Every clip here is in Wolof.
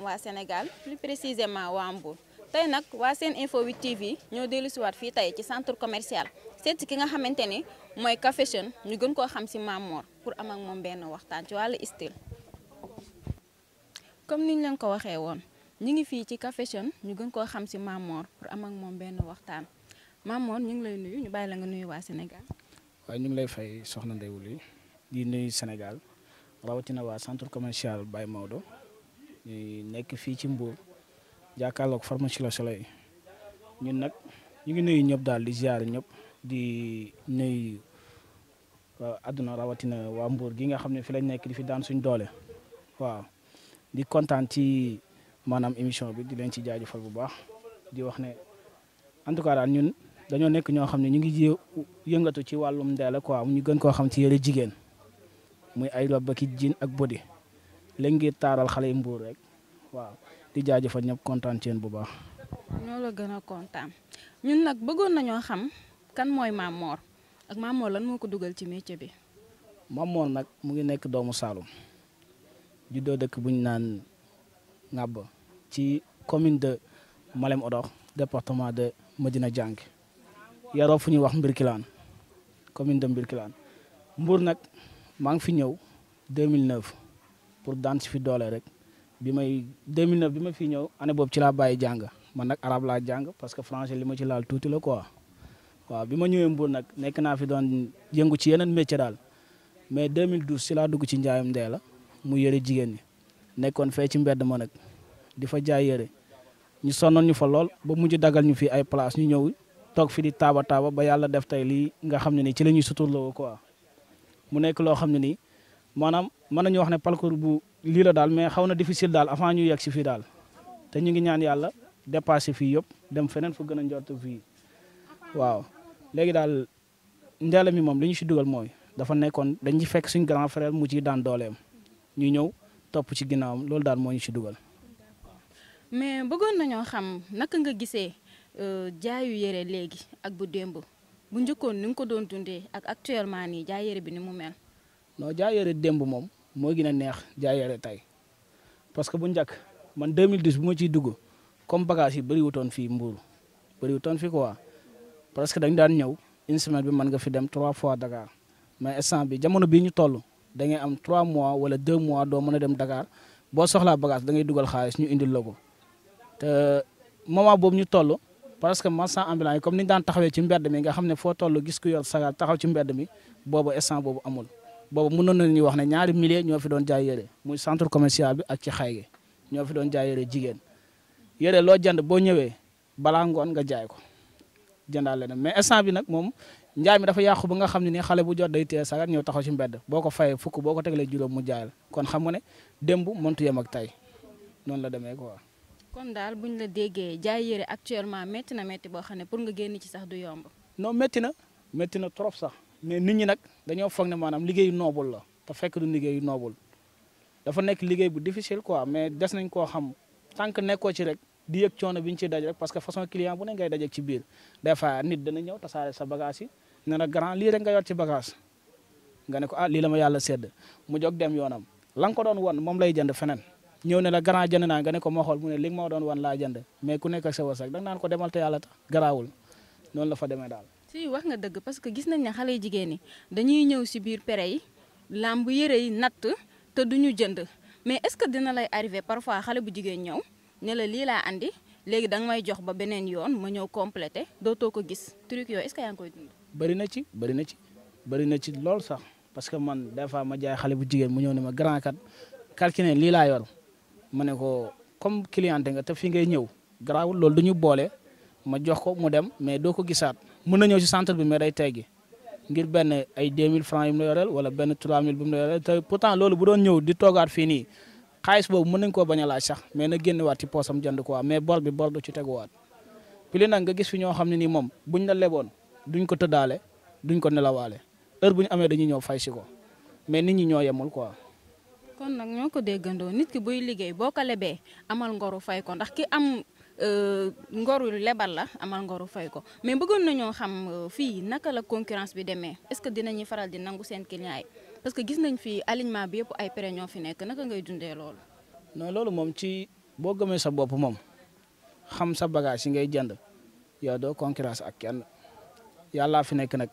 waa Sénégal plus précisément waa Mbour tey nag waa seen info 8 TV ñoo dellu waat fii tey ci centre commercial seet ki nga xamante ni mooy Caféchène ñu gën koo xam si Mamor pour am ak moom benn waxtaan ci wàllu style. comme niñ leen ko waxee woon ñu ngi fii ci Caféchène ñu gën koo xam si Mamor pour am ak moom benn waxtaan Mamor ñu ngi lay nuyu ñu bàyyi la nga nuyu waa Sénégal. waaye ñu ngi lay fay soxna Ndeye Wuli di nuyu Sénégal rawatina waa centre commercial Baye moodo ñuy nekk fii ci Mbour jàkkaarloog pharmacie Le Soleil ñun nag ñu ngi nuyu ñëpp daal di ziar ñëpp di nuyu uh, àdduna rawatina waa Mbour gi nga xam ne fi lañ nekk di fi daan suñ doole waaw di kontaan ci maanaam émission bi di leen ci jaajëfal bu baax di wax ne en tout cas daal ñun dañoo nekk ñoo xam ne ñu ngi ji yëngatu ci wàllum ko quoi ñu gën koo xam ci yëre jigéen muy ay rob ak jean ak body léegi ngir taaral xale yi mbuur rek waaw di jaajëfal ñëpp kontaan ci yéen bu baax. ñoo la gën a kontaan ñun nag bëggoon nañoo xam kan mooy Mame Mor ak Mame Mor lan moo ko dugal ci métier bi. Mame Mor nag mu ngi nekk doomu saalum Saloum doo dëkk bu ñu naan Ngab ci commune de Malem Odor département de madina Jàng yaroo fu ñuy wax Mbirkilaan commune de Mbirkilaan Mbour nag maa ngi fi ñëw 2009. pour daan si fi doole rek bi may 2009 bi ma fii ñëw année boobu ci laa bàyyi jàng man nag arabe laa jàng parce que français li ma ci laal tuuti la quoi waaw bi ma ñëwee Mbour nag nekk naa fi doon yëngu ci yeneen métier daal mais 2012 si laa dugg ci njaayum dee la mu yëre jigéen ñi nekkoon fee ci mbedd ma nag di fa jaay yëre ñu sonoon ñu fa lool ba mujj dagal ñu fi ay place ñu ñëw toog fi di taaba taaba ba yàlla def tey lii nga xam ne nii ci la ñuy suturloo quoi mu nekk loo xam ne nii maanaam mën nañu wax ne parcours bu lii la daal mais xaw na difficile daal avant ñu yegg si fii daal te ñu ngi ñaan yàlla dépassé fii yëpp dem feneen fu gën a njort fii waaw léegi daal ndeela mi moom li ñu si dugal mooy dafa nekkoon dañuy fekk suñ grand frère mu ci daan dooleem ñu ñëw topp si ginnaawam loolu daal mooy ñu si dugal. mais bëggoon nañoo xam naka nga gisee euh, jaayu yére léegi ak bu démb bu njëkkoon ni nga ko doon dundee ak actuellement nii jaay yére bi ni mu mel. noo non jaayere démb moom moo gën a neex jaayere tey parce que bu njëkk man 2010 bu ma ciy dugg comme bagage yi bëriwutoon fii Mbour bëriwutoon fii quoi parce que dañ daan ñëw une semaine bi mën nga fi dem trois fois Dakar mais instant bi jamono bii ñu toll da ngay am trois mois wala deux mois doo mën a dem Dakar boo soxlaa bagage da ngay dugal xaalis ñu indil la ko te moment boobu ñu toll parce que marchand ambulant yi comme ni ñu daan taxawee ci mbedd mi nga xam ne foo toll gis ku yor sagar taxaw ci mbedd mi boobu instant boobu amul. boobu mënoon nañu wax ne ñaari milliers ñoo fi doon jaay yére muy centre commercial bi ak ci xay gi ñoo fi doon jaay yére jigéen yére loo jand boo ñëwee balaa ngoon nga jaay ko jëndaal leneen mais instant bi nag moom njaay mi dafa yàqu ba nga xam ne nii xale bu jot day téye sagar ñëw taxaw ci mbedd boo ko fayee fukk boo ko tegalee juróom mu jaay kon xam nga ne démb mëntu yem ak tey noonu la demee quoi. kon daal buñ la déggee jaay yére actuellement métti na métti boo xam ne pour nga génn ci sax du yomb. non métti na métti na trop sax. mais nit ñi nag dañoo foog ne maanaam liggéey noobul la te fekk du liggéey noobul dafa nekk liggéey bu difficile quoi mais des nañ koo xam tant que nekkoo ci rek di yëg coono bi ñu ciy daj parce que façon client bu ne ngay dajek ci biir des fois nit dana ñëw tasaare sa bagage yi ne na grand lii rek nga yor ci bagage nga ne ko ah lii la ma yàlla sedd mu jóg dem yoonam la nga ko doon won moom lay jënd feneen ñëw ne la grand jënd naa nga ne ko ma xool mu ne li ma ma doon wan laa jënd mais ku nekk ak sa wasak ko demal te yàlla tax la fa demee daal si wax nga dëgg parce que gis nañ ne xale jigéen ñi dañuy ñëw si biir pere yi làmb yëre yi natt te duñu jënd mais est-ce que dina lay arrivé parfois xale bu jigéen ñëw ne la lii laa andi léegi danga may jox ba beneen yoon ma ñëw complété dootoo ko gis truc yooyu est-ce yaa ngi koy dund. bëri na ci bëri na ci bëri na ci lool sax parce que man des fois ma jaay xale bu jigéen mu ñëw ne ma grand kat calculé lii laa yoon ma ne ko comme cliente nga te fi ngay ñëw garaawul loolu du ñu boole ma jox ko mu dem mais doo ko gisaat. mën na ñëw si centre bi mais day teggi ngir benn ay 2000 francs yu mu la yoreel wala benn 3000 bu mu la yoreel te pourtant loolu bu doon ñëw di toogaat fii nii xaalis boobu mën na koo bañ a laaj sax mais na génnewaat ci poosam jënd quoi mais bor bi bor du ci teguwaat pili nag nga gis fi ñoo xam ne nii moom buñ la leboon duñ ko tëddaale duñ ko nelawaale heure bu ñu amee dañuy ñëw fay si ko mais ni ñi ñoo yemul quoi. kon nag ñoo ko déggandoo nit ki buy liggéey boo ko lebee amal ngoru fay ngor euh, ngoru lebal la amal ngoru fay ko mais bëggoon nañoo xam euh, fii naka la concurrence bi demee est-ce que dinañu faral di nangu seen client yi parce que gis nañ fii alignement bi yëpp ay pre ñoo fi nekk naka ngay dundee loolu. non loolu moom ci boo gëmee sa bopp moom xam sa bagage yi ngay jënd yow doo concurrence ak kenn yàllaa fi nekk nag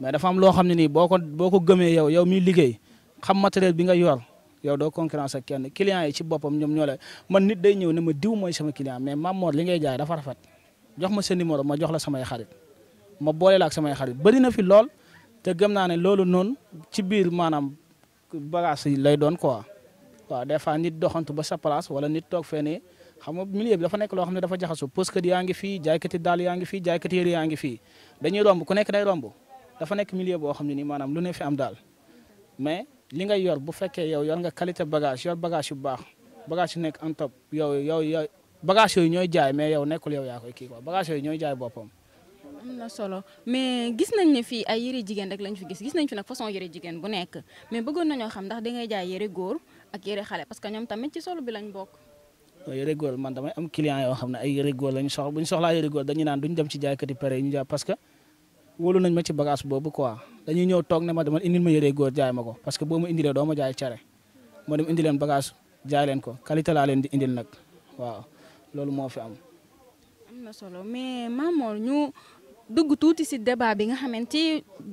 mais dafa am loo xam ne nii boo ko boo ko gëmee yow yow miy liggéey xam matériel bi nga yor yow doo concurrence ak kenn client yi ci boppam ñoom ñoo la man nit day ñëw ne ma diw mooy sama client mais Mame Mor li ngay jaay dafa rafet jox ma sa numéro ma jox la samay xarit ma boole la ak samay xarit bëri na fi lool te gëm naa ne loolu noonu ci biir maanaam bagage yi lay doon quoi waaw des fois nit doxantu ba sa place wala nit toog fee ne xam nga milieu bi dafa nekk loo xam ne dafa jaxasoo poskat yaa ngi fii jaaykati daal yaa ngi fii jaaykati yére yaa ngi fii dañuy romb ku nekk day romb dafa nekk milieu boo xam ne nii maanaam lu fi am daal li nga yor bu fekkee yow yor nga qualité bagage yor bagage yu baax bagage yu nekk en top yow yow yow bagage yooyu ñooy jaay mais yow nekkul yow yaa koy kii quoi bagage yooyu ñooy jaay boppam. am na solo mais gis nañ ne fii ay yëre jigéen rek lañ fi gis gis nañ fi nag façon yëre jigéen bu nekk mais bëggoon nañoo xam ndax da nga jaay yëre góor ak yëre xale parce que ñoom tamit ci solo bi lañ bokk. yëre góor man damay am client yoo xam ne ay yëre góor lañ soxla ñu soxlaa yëre góor dañuy naan duñ dem ci jaay parce que wóolu nañ ma ci bagage boobu quoi dañuy ñëw toog ne ma dama indil ma yëree goor jaay ma ko parce que boo ma indilee doo ma jaay cere ma dem indi leen bagage jaay leen ko qualité laa leen di indil nag waaw loolu moo fi am. am na solo mais Mamor ñu dugg tuuti si débat bi nga xamante ti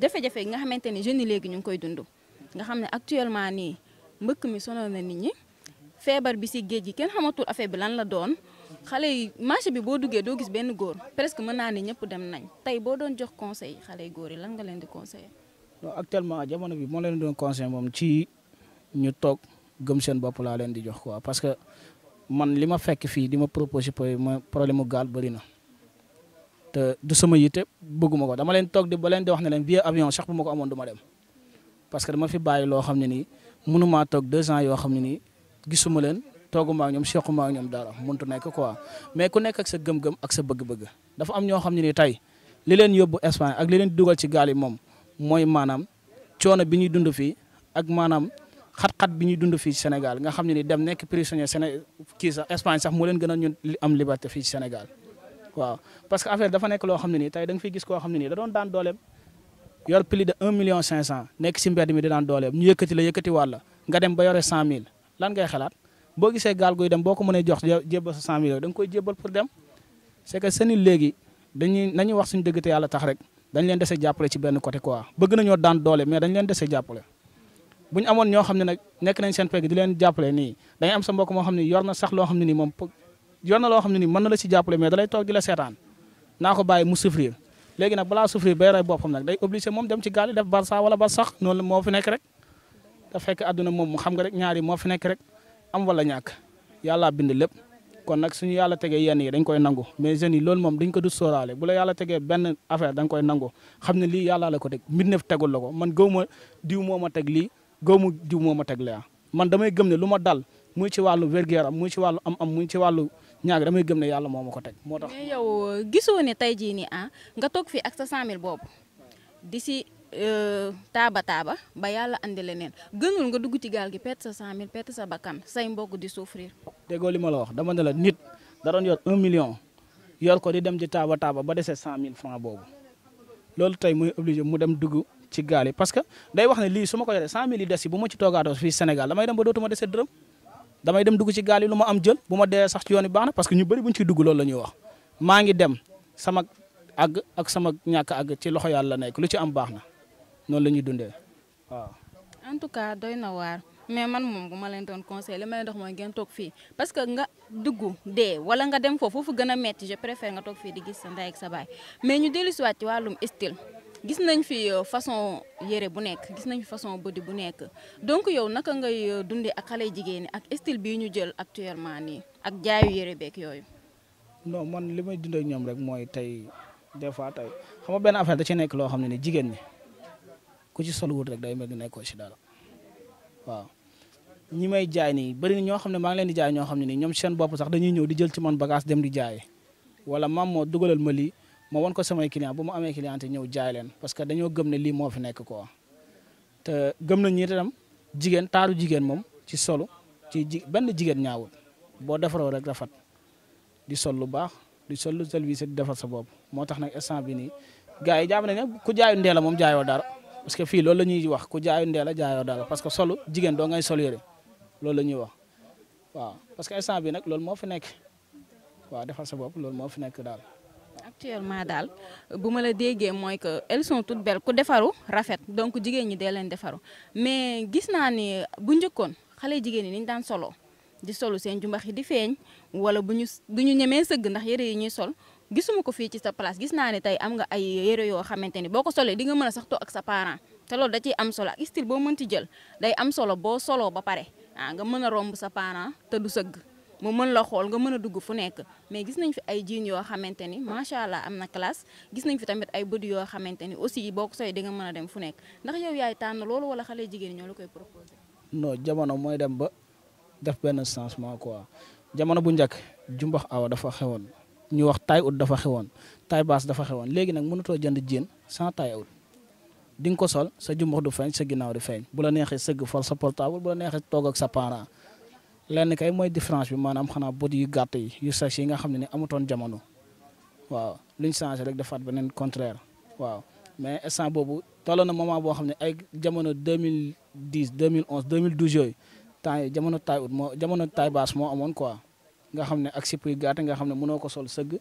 jafe-jafe yi nga xamante ni jeunes yi léegi ñu ngi koy dund nga xam ne actuellement nii mbëkk mi sonal na nit ñi feebar bi si géej gi kenn xamatul affaire bi lan la doon. xale yi marché bi boo duggee doo gis benn góor presque mën naa ne ñëpp dem nañ tey boo doon jox conseil xale yi góor yi lan nga leen di conseiller. non actuellement jamono bi moo leen doon conseil moom ci ñu toog gëm seen bopp laa leen di jox quoi parce que man li ma fekk fii di ma proposé ma problème mu gaal bëri na. te du sama yitte bëgguma ko dama leen toog di ba leen di wax ne leen billet avion sax bu ma ko amoon du dem parce que dama fi bàyyi loo xam ne nii mënumaa toog deux ans yoo xam ne nii gisuma leen. tooguma ak ñoom sequma ak ñoom dara muntu nekk quoi mais ku nekk ak sa gëm-gëm ak sa bëgg-bëgg dafa am ñoo xam ne ni tey li leen yóbbu Espagne ak li leen dugal ci gaal yi moom mooy maanaam coono bi ñuy dund fii ak maanaam xat-xat bi ñuy dund fii Sénégal nga xam ne ni dem nekk prisonnier Séné kii moo leen gën a ñun li am liberté fii Sénégal waaw parce que affaire dafa nekk loo xam ni nii tey da nga gis koo xam ne nii da doon daan dooleem yor plus de un million cinq cent nekk si mbedd mi di daan dooleem ñu yëkkati la yëkkati wàll nga mille lan ngay boo gisee gaal guy dem boo ko mënee jox jébbal sa cent millions da nga léegi dañuy nañu wax suñu dëgg te yàlla tax rek dañ leen dese jàppale ci benn côté quoi bëgg nañoo daan doole mais dañ leen dese jàppale bu ñu amoon ñoo xam ne nag nekk nañ seen pegg di leen jàppale nii dañuy am sa mbokk moo xam ne yor na sax loo xam ne nii moom yor na loo xam ne nii mën na la si jàppale mais dalay toog di la seetaan naa ko bàyyi mu souffrir léegi nag balaa souffrir bay rey boppam nag day obligé moom dem ci gaal yi def barça wala barsax noonu moo fi nekk rek da fekk àdduna moom xam nga rek ñaari moo fi nekk rek am wala ñàkk yàllaa bind lépp kon nag suñu yàlla tegee yenn yi dañ koy nangu mais jeunes yi loolu moom dañ ko du sóoraale bu la yàlla tegee benn affaire dañ koy nangu xam ne lii yàllaa la ko teg mbindeef tegul la ko man gëw ma diw moo ma teg lii gëw ma moo ma teg laa man damay gëm ne lu ma dal muy ci wàllu wér-gu-yaram muy ci am-am mu ci wàllu ñaag damay gëm ne yàlla moo ma ko teg moo tax. mais yow gisoo ah nga tog fii ak sa 100000 boobu Euh, taaba taaba ba yàlla andi leneen gënul nga dugg ci gaal gi perte sa cent mille perte sa bakkan say mbokk di souffrir. déggoo li ma la wax dama ne la nit da doon yor un million yor ko di dem ci taaba taaba ba dese cent mille franc boobu loolu tey muy obligé mu dem dugg ci gaal parce que day wax ne lii su ma ko yoree cent mille yi des yi bu ma ci toogaatoo fii Sénégal damay dem ba dootuma dese dërëm damay dem dugg ci gaal yi lu ma am jël bu ma dee sax ci yoon yi baax na parce que ñu bëri bu ñu ciy dugg loolu ñuy wax maa ngi dem sama àgg ak sama ñàkk àgg ci loxo yàlla nekk lu ci am baax na. noonu la ñuy dundee waaw. en tout cas doy na waar mais man moom bu ma leen doon conseil li ma leen dox mooy ngeen toog fii parce que nga dugg dee wala nga dem foofu foofu gën a metti je préfère nga toog fii di gis sa ndey ak sa baay mais ñu dellu si waat ci wàllum style gis nañ fi euh, façon yére bu nekk gis nañ fi façon body bu nekk donc yow naka ngay euh, dundee ak xale jigéen ñi ak style bi ñu jël actuellement nii ak jaayu yére beeg yooyu. non man li may dundee ak ñoom rek mooy tey des fois tey xam nga benn nekk loo xam ne ni jigéen ñi. ku ci sol wut rek day mel ni nekkoo ci dara waaw ñi may jaay nii bari na ñoo xam ne maa ngi leen di jaay ñoo xam ne ni ñoom seen bopp sax dañuy ñëw di jël ci man bagage dem di jaay wala maam moo dugalal ma lii moo wan ko samay client bu ma amee client te ñëw jaay leen parce que dañoo gëm ne lii moo fi nekk quoi te gëm nañ ñi itam jigéen taaru jigéen moom ci solu ci ji benn jigéen ñaawul boo defaroo rek rafet di sol lu baax di sol lu service di defar sa bopp moo tax nag instant bi nii gars yi jàpp nañ parce que fii loolu la ñuy wax ku jaayu ndee la jaayoo daal parce que solu jigéen doo ngay sol yëre loolu la ñuy wax waaw parce que instant bi nag loolu moo fi nekk waaw defal sa bopp loolu moo fi nekk daal. actuellement daal bu ma la déggee mooy que elles sont toutes belles ku defaru rafet donc jigéen ñi dee leen defaru mais gis naa ni bu njëkkoon xale jigéen ñi niñ daan solo di solu seen jumbax yi di feeñ wala bu ñu du ñu ñemee sëgg ndax yëre yi ñuy sol gisuma ko fii ci sa place gis naa ne tey am nga ay yére yoo xamante ni boo ko solee di nga mën a sax ak sa parent te loolu da ciy am solo ak style boo mënti jël day am solo boo soloo ba pare ah nga mën a romb sa parent te du sëgg mu mën la xool nga mën a dugg fu nekk mais gis nañ fi ay jean yoo xamante ni macha allah am na classe gis nañ fi tamit ay bët yoo xamante ni aussi boo ko solee di nga mën a dem fu nekk ndax yow yaay tànn loolu wala xale jigéen ñoo la koy proposé. non jamono mooy dem ba def benn changement quoi jamono bu njëkk jumbax awa dafa xewoon. ñu wax taille haute dafa xewoon taille basse dafa xewoon léegi nag mënatoo jënd jean sant taille haute di nga ko sol sa jumbax du feeñ sa ginnaaw du feeñ bu la neexee sëgg for sa portable bu la neexee toog ak sa parent lenn kay mooy différence bi maanaam xanaa bët yu gàtt yi yu sas nga xam ne ne amatoon jamono waaw luñ changé rek defaat beneen contraire waaw mais instant boobu tolloon na moment boo xam ne ay jamono deux 2011 2012 yooyu temps yi jamono taille haute moo jamono taille moo amoon quoi. nga xam ne ak sipp yu gàtt nga xam ne mënoo ko sol sëgg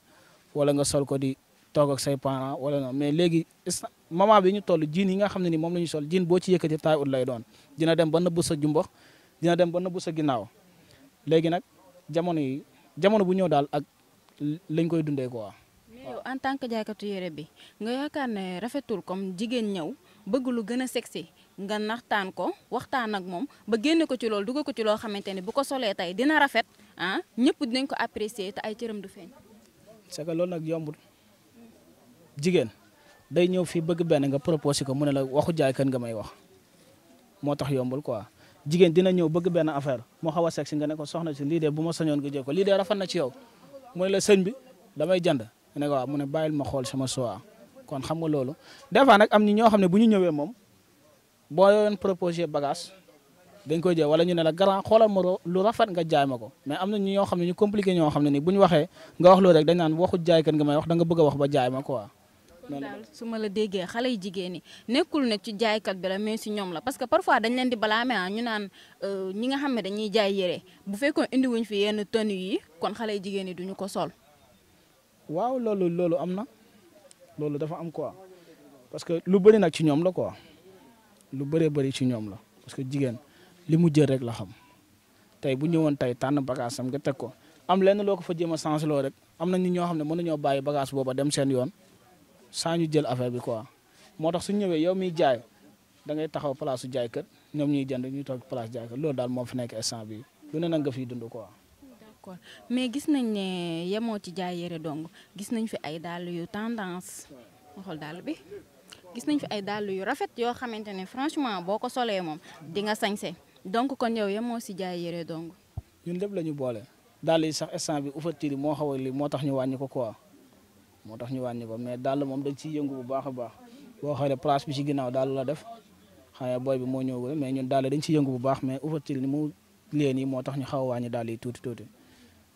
wala nga sol ko di toog ak say parents wala non mais léegi moment bi ñu toll jiin yi nga xam ne ni moom la ñu sol jiin boo ci yëkkati taay ut lay doon dina dem ba nëbb sa jumbox dina dem ba nëbb sa ginnaaw léegi nag jamono yi jamono bu ñëw daal ak lañ koy dundee quoi. mais yow en tant que jaaykatu yére bi nga yaakaar ne rafetul comme jigéen ñëw bëgg lu gën a sexy nga naxtaan ko waxtaan ak moom ba génne ko ci loolu dugal ko ci loo xamante ne bu ko solee tey dina rafet ah ñëpp dinañ ko apprécier te ay cëram du feeñ. c'est loolu nag yombul jigéen day ñëw fii bëgg benn nga proposé ko mu ne la waxu jaay kan nga may wax moo tax yombul quoi jigéen dina ñëw bëgg benn affaire moo xaw a si nga ne ko soxna si lii de bu ma sañoon nga jël ko lii de rafet na ci yow mu ne la sëñ bi damay jënd ne ko mu ne bàyyil ma xool sama soie kon xam nga loolu des nag am ñi ñoo xam ne bu ñu ñëwee moom boo leen proposé bagage dañ ko jël wala ñu ne la grand xoolal ma lu rafet nga jaay ma ko mais am na ñu ñoo xam ne ñu compliqué ñoo xam ne ni bu ñu waxee nga wax loolu rek dañ naan waxu jaay kan nga may wax da a wax ba jaay ma quoi. daal su ma la déggee xale yu jigéen ñi nekkul ne ci jaaykat bi la mais si ñoom la parce que parfois dañ leen di balaame ah, ñu naan euh, ñi nga xam ne dañuy jaay yére bu fekkoon indi wuñ fi yenn tenue yi kon xale yi jigéen ñi duñu ko sol. waaw loolu loolu am na loolu dafa am quoi parce que lu bëri nag ci ñoom la quoi. lu bëree bëri ci ñoom la parce que jigéen li mu jël rek la xam tey bu ñëwoon tey tànn bagage sam nga teg ko am lenn loo ko fa jéem a changeloo rek am na nit ñoo xam ne mën nañoo bàyyi bagage booba dem seen bi quoi moo tax su ñëwee yow miy jaay da ngay taxaw place su jaay kër ñoom ñuy jënd ñuy toog place jaay kër loolu daal moo fi nekk instant bi lu ne nag nga fiy dund quoi. d'accord mais gis nañ ne yemoo ci jaay yére dong gis nañ fi ay dàll yu tendance xool dàll bi. gis nañ fi ay dàll yu rafet yoo xamante ne franchement boo ko solee moom di nga sañse donc kon yow yem moo si jaay yére dong. ñun lépp la ñu boole dàll yi sax instant bi ouverture yi moo xaw a moo tax ñu wàññi ko quoi moo tax ñu wàññi ko mais dàll moom dañ ciy yëngu bu baax a baax boo xoolee place bi ci ginnaaw dàll la def xanaa booy bi moo ñëwul mais ñun dañ ciy yëngu bu baax mais ouverture ni mu leen moo tax ñu xaw a wàññi dàll tuuti tuuti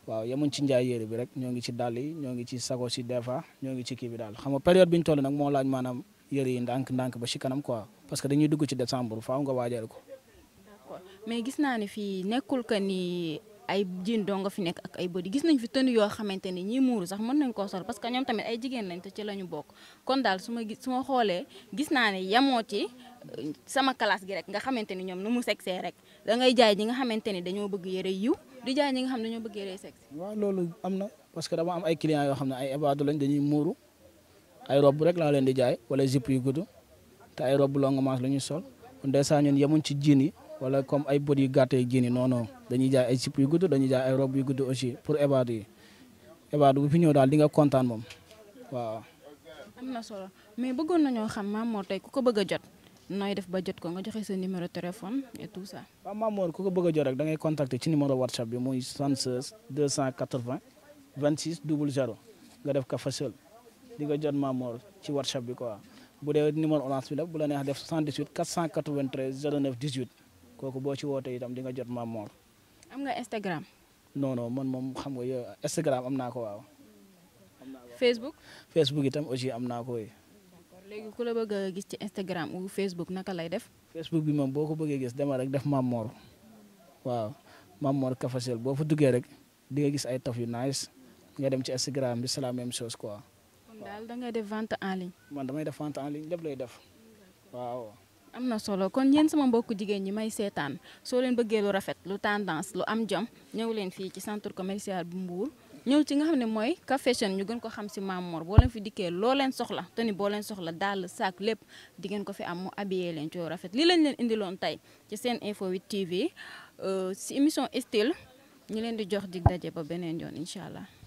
waaw yemuñ ci njaay yére bi rek ñoo ngi ci dàll yi ñoo ngi ci sago si des fois ñoo ngi ci kii bi daal xam nga période biñ toll nag moo laaj maanaam yëre yi ndànk ndànk ba ci kanam quoi parce que dañuy dugg ci décembre faaw ko. mais gis naa ne fii nekkul que ni ay jiin doo fi nekk ak ay bëri gis nañ fi tenue yoo xamante ni ñii muuru sax mën nañ koo sol parce que ñoom tamit ay jigéen lañ te la ñu bokk kon daal su gis su ma xoolee gis naa ne yemoo ci euh, sama classe gi rek nga xamante ni ñoom nu mu sexee rek da ngay jaay ñi nga xamante ni dañoo bëgg yëre yiw di jaay ñi nga xam ne dañoo bëgg yëre sexe. loolu am na parce que dama am ay clients yoo xam ne ay ébaadu lañ dañuy muuru. ay rob rek laa leen di jaay wala jupe yu gudd te ay rob longue manche la ñuy sol kon saa ñun yemuñ ci jean yi wala comme ay bët yu gàtt jean yi non dañuy jaay ay jupe yu gudd dañuy jaay ay rob yu gudd aussi pour ébaadu yi ébaadu bu fi ñëw daal di nga kontaan moom waaw. am na solo mais bëggoon nañoo xam maam Mor te ku ko bëgg a jot nooy def ba jot ko nga joxe sa numéro téléphone et tout ça. waaw Mame ku ko bëgg a jot rek da ngay contacter ci numéro WhatsApp bi muy 76 280 26 00 nga def ka fasal. di nga jot Mame Mor ci WhatsApp bi quoi bu dee numéro orange bi la bu la neex def 78 493 09 18 kooku boo ci wootee itam di nga jot Mame am nga Instagram. non non man moom xam nga yow Instagram am naa ko waaw. Facebook. Facebook itam aussi am naa ko. léegi ku gis ci Instagram ou Facebook naka lay def. Facebook bi moom boo ko bëggee gis dama rek def Mame Mor waaw Mame Mor Café boo fa duggee rek di gis ay taf yu nice nga dem ci Instagram bi c'est la même chose quoi. daal da ngay def vente en ligne. man damay def vente en ligne lépp lay def waaw. am na solo kon yéen sama mbokku jigéen ñi may seetaan soo leen bëggee lu rafet lu tendance lu am jom ñëw leen fii ci centre commercial bu Mbour. ñëw ci nga xam ne mooy Cap Fashion ñu gën ko xam si maam moor boo leen fi dikkee loo leen soxla te ni boo leen soxla dàll saak lépp di ngeen ko fi am mu habillé leen ci rafet li lañ leen indiloon tey ci seen info 8 TV si émission style ñu leen di jox dig daje ba beneen yoon incha allah.